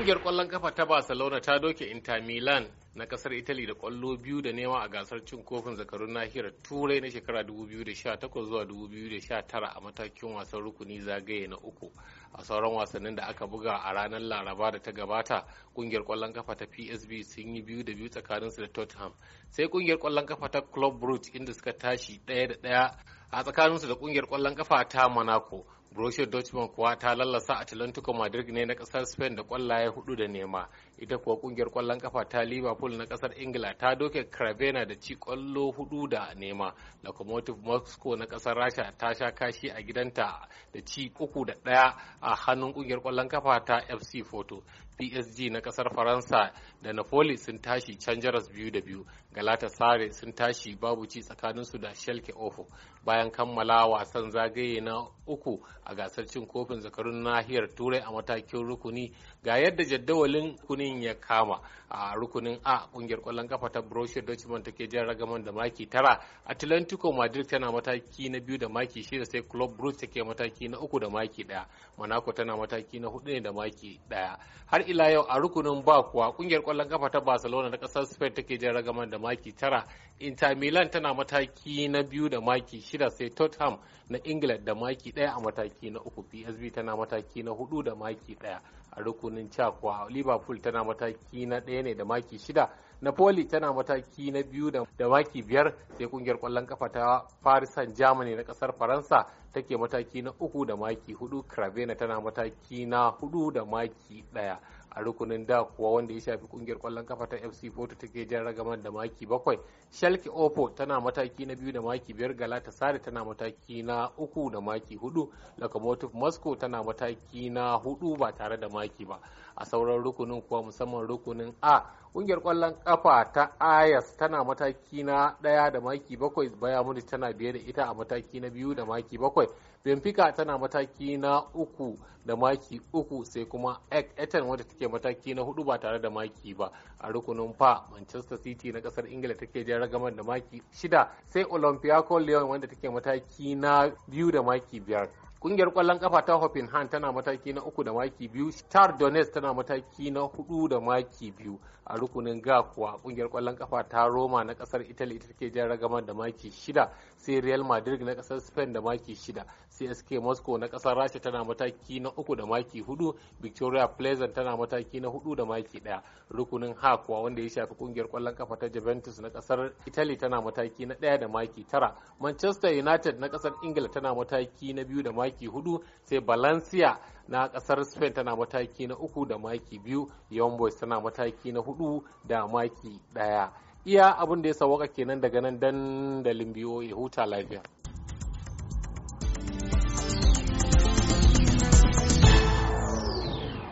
kungiyar kwallon kafa ta Barcelona ta doke Inter Milan na ƙasar Italy da kwallo biyu da nema a gasar cin kofin zakarun nahiyar Turai na shekara 2018 zuwa 2019 a matakin wasan rukuni zagaye na uku. A sauran wasannin da aka buga a ranar Laraba da ta gabata, kungiyar kwallon kafa ta PSV sun yi biyu da biyu su da Tottenham. Sai ƙungiyar kwallon kafa ta Club brut inda suka tashi ɗaya da ɗaya a tsakaninsu da kungiyar kwallon kafa ta Monaco. Borussia Dortmund kuwa ta lallasa Atlantico Madrid ne na kasar Spain da kwallaye hudu da nema. Ita kuwa kungiyar kwallon kafa ta Liverpool na kasar Ingila ta doke Cravena da ci kwallo hudu da nema. Lokomotiv Moscow na kasar Rasha ta sha kashi a gidanta da ci uku da daya a hannun kungiyar kwallon kafa ta FC Porto. PSG na kasar Faransa da Napoli sun tashi can jaras biyu da biyu. Galatasaray sun tashi babu ci su da Schalke Ofo. Bayan kammala wasan zagaye na uku a gasar cin kofin zakarun nahiyar turai a matakin rukuni ga yadda jadawalin kunin ya kama a rukunin a kungiyar kwallon kafa ta borussia dortmund take jan ragaman da maki tara atlantico madrid tana mataki na biyu da maki shida sai club brugge take mataki na uku da maki daya monaco tana mataki na hudu ne da maki daya har ila yau a rukunin ba kuwa kungiyar kwallon kafa ta barcelona na kasar spain take jan ragaman da maki tara inter milan tana mataki na biyu da maki shida sai tottenham na england da maki daya a mataki mataki na uku psv tana mataki na hudu da maki daya a rukunin cakwa liverpool tana mataki na daya ne da maki shida napoli tana mataki na biyu da maki biyar sai kungiyar kwallon kafa ta paris saint germany na kasar faransa take mataki na uku da maki hudu cravena tana mataki na hudu da maki daya a rukunin da kuwa wanda ya shafi kungiyar kwallon kafa ta fc porto ke jan ragamar da maki bakwai shalke opo tana mataki na biyu da maki biyar galata sare tana mataki na uku da maki hudu locomotive moscow tana mataki na hudu ba tare da maki ba a sauran rukunin kuwa musamman rukunin a kungiyar kwallon kafa ta ayas tana mataki na daya da maki bakwai bayan tana biye da ita a mataki na biyu da maki bakwai benfica tana mataki na uku da maki uku sai kuma ek eton wadda take mataki na hudu ba tare da maki ba a rukunin fa manchester city na kasar ingila take jan ragamar da maki shida sai olympiacos lyon wanda take mataki na biyu da maki biyar Kungiyar kwallon kafa ta Hoffenheim tana mataki na uku da maki biyu, Star Donetsk tana mataki na hudu da maki biyu. A rukunin ga kuwa kungiyar kwallon kafa ta Roma na kasar Italy ita take jan ragamar da maki shida, sai Real Madrid na kasar Spain da maki shida, CSK Moscow na kasar Rasha tana mataki na uku da maki hudu, Victoria Pleasant tana mataki na hudu da maki daya. Rukunin ha kuwa wanda ya shafi kungiyar kwallon kafa ta Juventus na kasar Italy tana mataki na daya da maki tara, Manchester United na kasar Ingila tana mataki na biyu da maki maki hudu sai Valencia na kasar Spain tana mataki na uku da maki biyu Young Boys tana mataki na hudu da maki daya. Iya abin da ya sawaka kenan daga nan dandalin biyo ya huta lafiya.